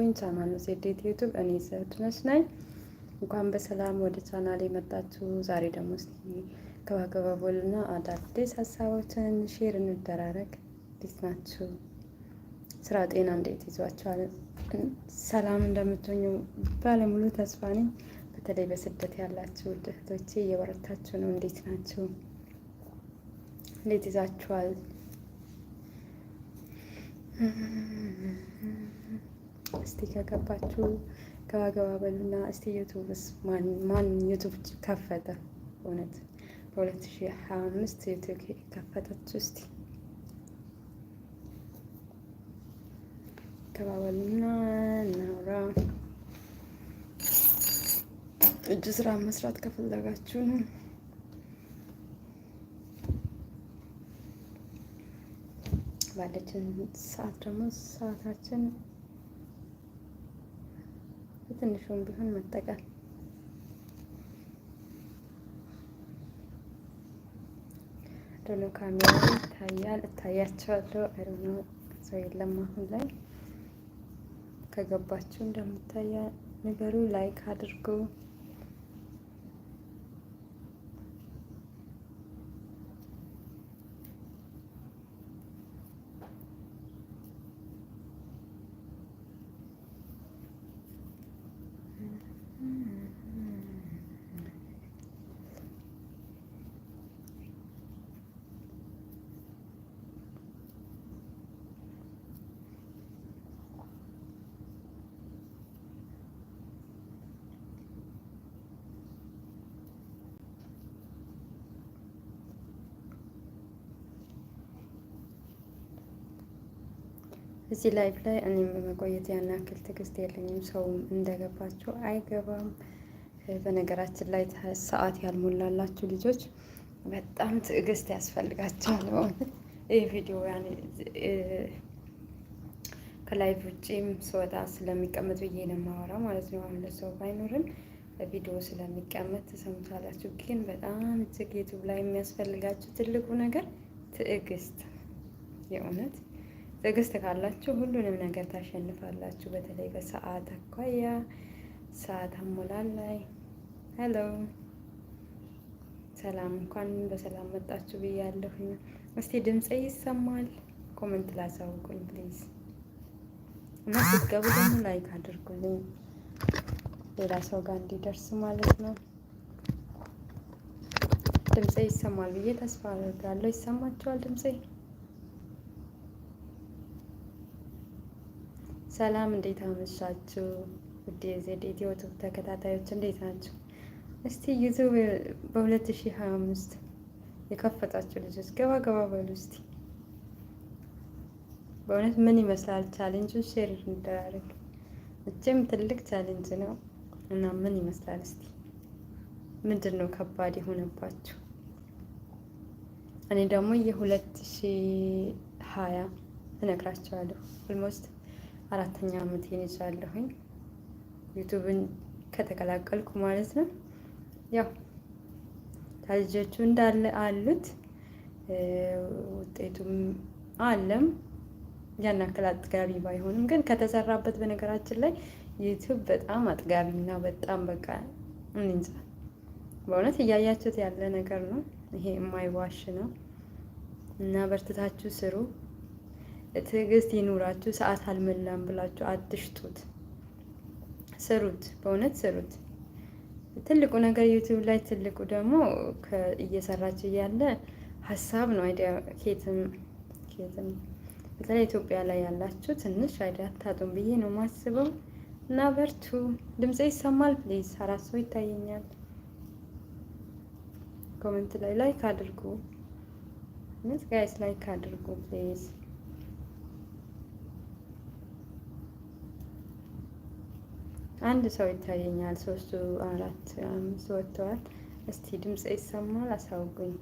ሁኝ ቻናል ሴዴት ዩቱብ እኔ ሰድነች ነኝ። እንኳን በሰላም ወደ ቻናል የመጣችሁ። ዛሬ ደግሞ እስኪ ከባከባቦልና አዳዲስ ሀሳቦችን ሼር እንደራረግ። እንዴት ናችሁ? ስራ ጤና እንዴት ይዟችኋል? ሰላም እንደምትኙ ባለሙሉ ተስፋ ነኝ። በተለይ በስደት ያላችሁ ድህቶቼ እየበረታችሁ ነው። እንዴት ናችሁ? እንዴት ይዛችኋል? እስቲ ከገባችሁ ከገባ በሉና እስቲ ዩቱብስ ማን ዩቱብ ከፈተ? እውነት በ2025 ዩቱብ ከፈተች? እስቲ ገባ በሉና እናውራ። እጅ ስራ መስራት ከፈለጋችሁ ነው ባለችን ሰዓት ደግሞ ሰዓታችን ትንሹን ቢሆን መጠቀም ደሎ ካሜራ ይታያል እታያቸዋለሁ። አይሮኖ ሰው የለም አሁን ላይ ከገባችሁ እንደምታያ ነገሩ ላይክ አድርጉ። እዚህ ላይፍ ላይ እኔም በመቆየት ያን ያክል ትዕግስት የለኝም። ሰውም እንደገባቸው አይገባም። በነገራችን ላይ ሰዓት ያልሞላላችሁ ልጆች በጣም ትዕግስት ያስፈልጋቸዋል። ይህ ቪዲዮ ከላይቭ ውጭም ስወጣ ስለሚቀመጥ ብዬ ነው የማወራው ማለት ነው። አሁን ለሰው ባይኖርም ቪዲዮ ስለሚቀመጥ ተሰምታላችሁ። ግን በጣም እጅግ ዩቱብ ላይ የሚያስፈልጋችሁ ትልቁ ነገር ትዕግስት የእውነት ትዕግስት ካላችሁ ሁሉንም ነገር ታሸንፋላችሁ። በተለይ በሰዓት አኳያ ሰዓት አሞላል ላይ ሄሎ ሰላም፣ እንኳን በሰላም መጣችሁ ብያለሁኝ። እስቲ ድምፄ ይሰማል? ኮመንት ላሳውቁኝ ፕሊዝ። እና ስትገቡ ደግሞ ላይክ አድርጉልኝ ሌላ ሰው ጋር እንዲደርስ ማለት ነው። ድምፄ ይሰማል ብዬ ተስፋ አድርጋለሁ። ይሰማችኋል ድምፄ? ሰላም እንዴት አመሻችሁ? ውድ የዜድ ዩቲዩብ ተከታታዮች እንዴት ናችሁ? እስቲ ዩቱብ በ2025 የከፈታችሁ ልጆች ገባ ገባ በሉ እስቲ በእውነት ምን ይመስላል ቻሌንጁ? ሼር እንደራረግ እጅም ትልቅ ቻሌንጅ ነው እና ምን ይመስላል እስቲ ምንድን ነው ከባድ የሆነባችሁ? እኔ ደግሞ የሁለት ሺህ ሀያ እነግራችኋለሁ ኦልሞስት አራተኛ ዓመቴን ይዛለሁኝ ዩቱብን ከተቀላቀልኩ ማለት ነው። ያው ታልጆቹ እንዳለ አሉት ውጤቱም አለም ያን ያክል አጥጋቢ ባይሆንም ግን ከተሰራበት፣ በነገራችን ላይ ዩቱብ በጣም አጥጋቢ እና በጣም በቃ እንጃ በእውነት እያያችሁት ያለ ነገር ነው። ይሄ የማይዋሽ ነው እና በርትታችሁ ስሩ። ትዕግስት ይኑራችሁ። ሰዓት አልመላም ብላችሁ አትሽጡት፣ ስሩት፣ በእውነት ስሩት። ትልቁ ነገር ዩቲዩብ ላይ ትልቁ ደግሞ እየሰራችሁ እያለ ሀሳብ ነው አይዲያ ኬትም ኬትም በተለይ ኢትዮጵያ ላይ ያላችሁ ትንሽ አይዲያ አታጡም ብዬ ነው ማስበው እና በርቱ። ድምጽ ይሰማል ፕሊዝ። አራት ሰው ይታየኛል። ኮመንት ላይ ላይክ አድርጉ። ምስ ጋይስ ላይክ አድርጉ ፕሊዝ። አንድ ሰው ይታየኛል። ሶስቱ አራት አምስት ወጥተዋል። እስቲ ድምጽ ይሰማል? አሳውቁኝ።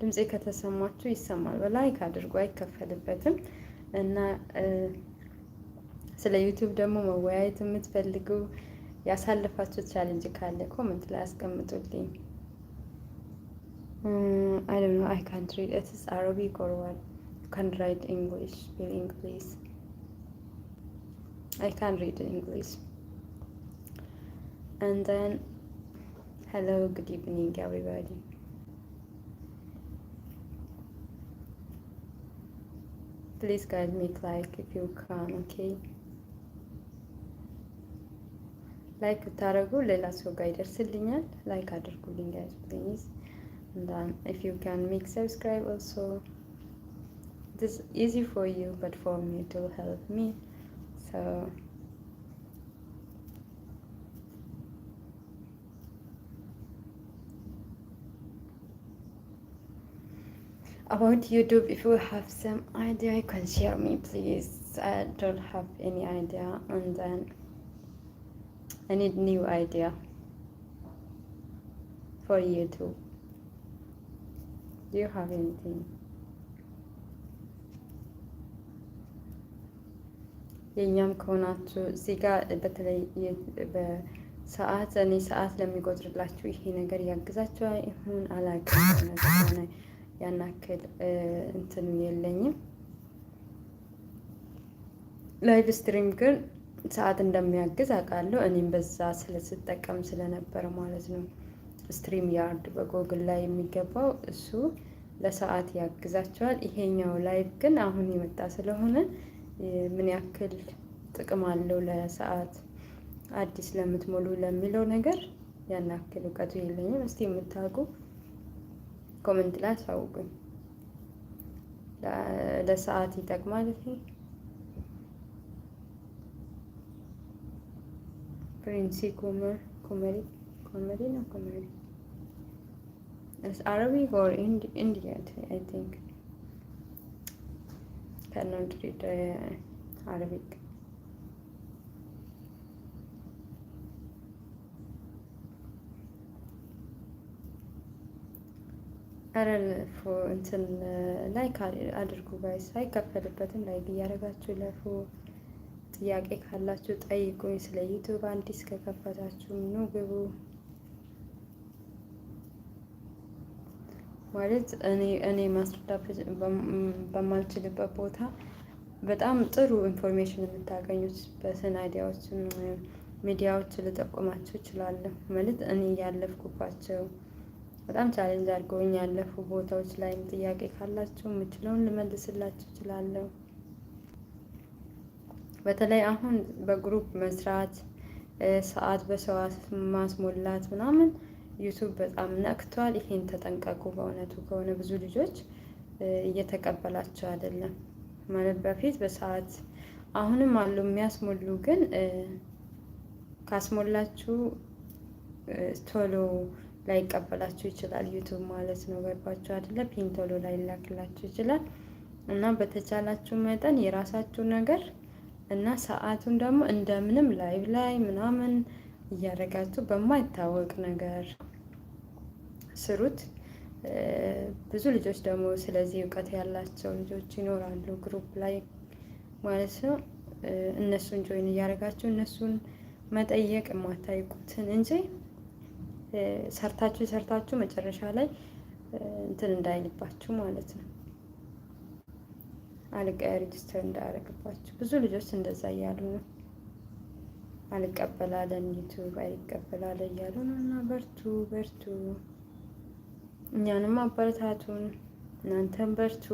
ድምጽ ከተሰማችሁ ይሰማል። በላይክ አድርጎ አይከፈልበትም እና ስለ ዩቲዩብ ደግሞ መወያየት የምትፈልጉ ያሳለፋችሁ ቻሌንጅ ካለ ኮመንት ላይ አስቀምጡልኝ። አይ ዶንት ኖ አይ ካንት ሪድ ኢትስ አረቢክ ኦር ዋት ካን ራይት ኢንግሊሽ ኢንግሊሽ I can't read in English. And then, hello, good evening, everybody. Please guide me like if you can, okay? ላይክ ብታደርጉ ሌላ ሰው ጋር ይደርስልኛል። ላይክ አድርጉልኝ ጋይዝ ፕሊዝ። ኢፍ ዩ ካን ሜክ ሰብስክራይብ ኦልሶ ዚስ ኢዚ ፎር ዩ በት ፎር ሚ ኢት ዊል ሄልፕ ሚ So about YouTube, if you have some idea, you can share me, please. I don't have any idea, and then I need new idea for YouTube. Do you have anything? የእኛም ከሆናችሁ እዚህ ጋር በተለይ በሰዓት እኔ ሰዓት ለሚቆጥርላችሁ ይሄ ነገር ያግዛችሁ ይሁን አላውቅም። ሆነ ያናክል እንትን የለኝም። ላይቭ ስትሪም ግን ሰዓት እንደሚያግዝ አውቃለሁ። እኔም በዛ ስለስጠቀም ስለነበረ ማለት ነው። ስትሪም ያርድ በጎግል ላይ የሚገባው እሱ ለሰዓት ያግዛቸዋል። ይሄኛው ላይቭ ግን አሁን የመጣ ስለሆነ ምን ያክል ጥቅም አለው ለሰዓት አዲስ ለምትሞሉ ለሚለው ነገር ያን ያክል እውቀቱ የለኝም። እስቲ የምታውቁ ኮመንት ላይ አሳውቁኝ። ለሰዓት ይጠቅማል ፕሪንሲ ኮመር ኮመሪ ኮመሪ ነው ኮመሪ አረቢ ኦር ኢንዲያን አይ ቲንክ ከእናንተ ዲዳ አረቢክ ኧረ እንትን ላይክ አድርጉ ጋይስ፣ አይከፈልበትም። ላይክ እያደረጋችሁ ለፎ ጥያቄ ካላችሁ ጠይቁኝ። ስለ ዩቱብ አዲስ ከከፈታችሁ ኑ ግቡ። ማለት እኔ ማስረዳት በማልችልበት ቦታ በጣም ጥሩ ኢንፎርሜሽን የምታገኙት በስን አይዲያዎች ሚዲያዎች ልጠቁማቸው እችላለሁ። ማለት እኔ ያለፍኩባቸው በጣም ቻሌንጅ አድርገውኝ ያለፉ ቦታዎች ላይም ጥያቄ ካላቸው የምችለውን ልመልስላቸው እችላለሁ። በተለይ አሁን በግሩፕ መስራት፣ ሰዓት በሰዋት ማስሞላት ምናምን ዩቱብ በጣም ነክቷል። ይሄን ተጠንቀቁ። በእውነቱ ከሆነ ብዙ ልጆች እየተቀበላቸው አይደለም ማለት በፊት በሰዓት አሁንም አሉ የሚያስሞሉ ግን ካስሞላችሁ ቶሎ ላይቀበላችሁ ይችላል ዩቱብ ማለት ነው። ገባችሁ አይደለ? ፒን ቶሎ ላይላክላችሁ ይችላል እና በተቻላችሁ መጠን የራሳችሁ ነገር እና ሰዓቱን ደግሞ እንደምንም ላይቭ ላይ ምናምን እያደረጋችሁ በማይታወቅ ነገር ስሩት። ብዙ ልጆች ደግሞ ስለዚህ እውቀት ያላቸው ልጆች ይኖራሉ ግሩፕ ላይ ማለት ነው። እነሱን ጆይን እያደረጋችሁ እነሱን መጠየቅ የማታይቁትን እንጂ ሰርታችሁ ሰርታችሁ መጨረሻ ላይ እንትን እንዳይልባችሁ ማለት ነው። አልቃ ሬጅስተር እንዳያደርግባችሁ ብዙ ልጆች እንደዛ እያሉ ነው። አልቀበላለን ዩቱብ አይቀበላለ እያሉ ነው። እና በርቱ በርቱ፣ እኛንም አበረታቱን፣ እናንተም በርቱ፣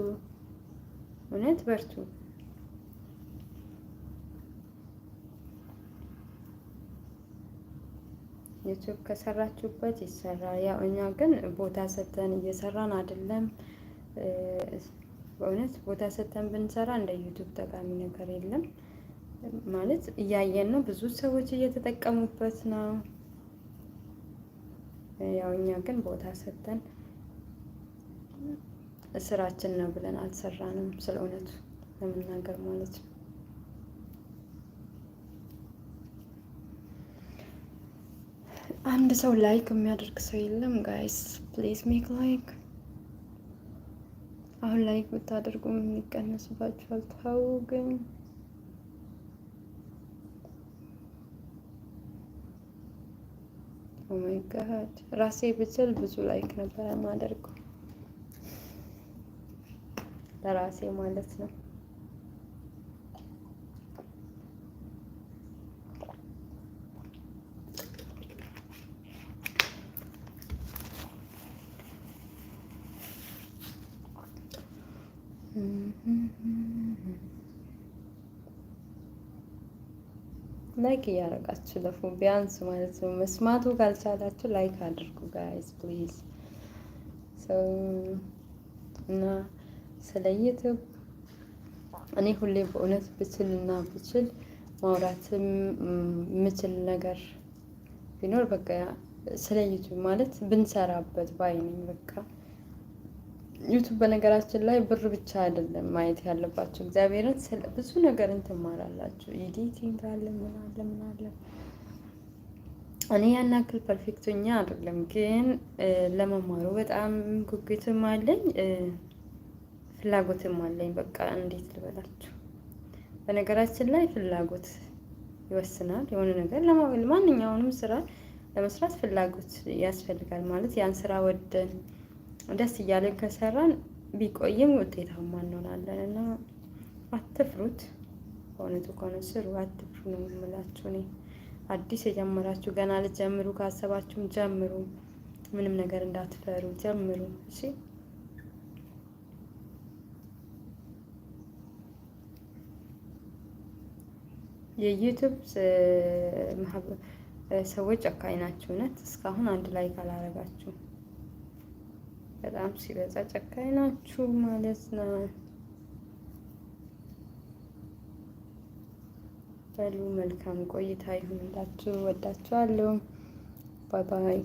እውነት በርቱ። ዩቱብ ከሰራችሁበት ይሰራ። ያው እኛ ግን ቦታ ሰተን እየሰራን አይደለም። በእውነት ቦታ ሰተን ብንሰራ እንደ ዩቱብ ጠቃሚ ነገር የለም። ማለት እያየን ነው። ብዙ ሰዎች እየተጠቀሙበት ነው። ያው እኛ ግን ቦታ ሰጥተን ስራችን ነው ብለን አልሰራንም። ስለ እውነቱ ለመናገር ማለት ነው። አንድ ሰው ላይክ የሚያደርግ ሰው የለም። ጋይስ ፕሊዝ ሜክ ላይክ። አሁን ላይክ ብታደርጉ የሚቀነስባችኋል። ተው ግን ኦማይ oh ጋድ ራሴ ብችል ብዙ ላይክ ነበረ ማደርገው ለራሴ ማለት ነው። ላይክ እያደረጋችሁ ለፉ ቢያንስ ማለት ነው። መስማቱ ካልቻላችሁ ላይክ አድርጉ ጋይስ ፕሊዝ። እና ስለ ዩቱብ እኔ ሁሌ በእውነት ብችል እና ብችል ማውራትም የምችል ነገር ቢኖር በቃ ስለ ዩቱብ ማለት ብንሰራበት ባይ ነኝ በቃ ዩቱብ በነገራችን ላይ ብር ብቻ አይደለም ማየት ያለባቸው፣ እግዚአብሔርን ብዙ ነገርን ትማራላችሁ። ኤዲቲንግ አለ ምን አለ ምን አለ። እኔ ያን ያክል ፐርፌክቶኛ አይደለም፣ ግን ለመማሩ በጣም ጉጉትም አለኝ ፍላጎትም አለኝ። በቃ እንዴት ልበላችሁ፣ በነገራችን ላይ ፍላጎት ይወስናል የሆነ ነገር ለማንኛውንም ስራ ለመስራት ፍላጎት ያስፈልጋል። ማለት ያን ስራ ወደን ደስ እያለን ከሰራን ቢቆይም ውጤታማ እንሆናለን እና አትፍሩት። በእውነቱ ከሆነ ስሩ፣ አትፍሩ ነው የምላችሁ እኔ። አዲስ የጀመራችሁ ገና ልትጀምሩ ካሰባችሁም ጀምሩ። ምንም ነገር እንዳትፈሩ ጀምሩ። እሺ የዩቱብ ሰዎች ጨካኝ ናችሁ። እውነት እስካሁን አንድ ላይ ካላረጋችሁ በጣም ሲበዛ ጨካኝ ናችሁ ማለት ነው። በሉ መልካም ቆይታ ይሁንላችሁ። ወዳችኋለሁ። ባይ ባይ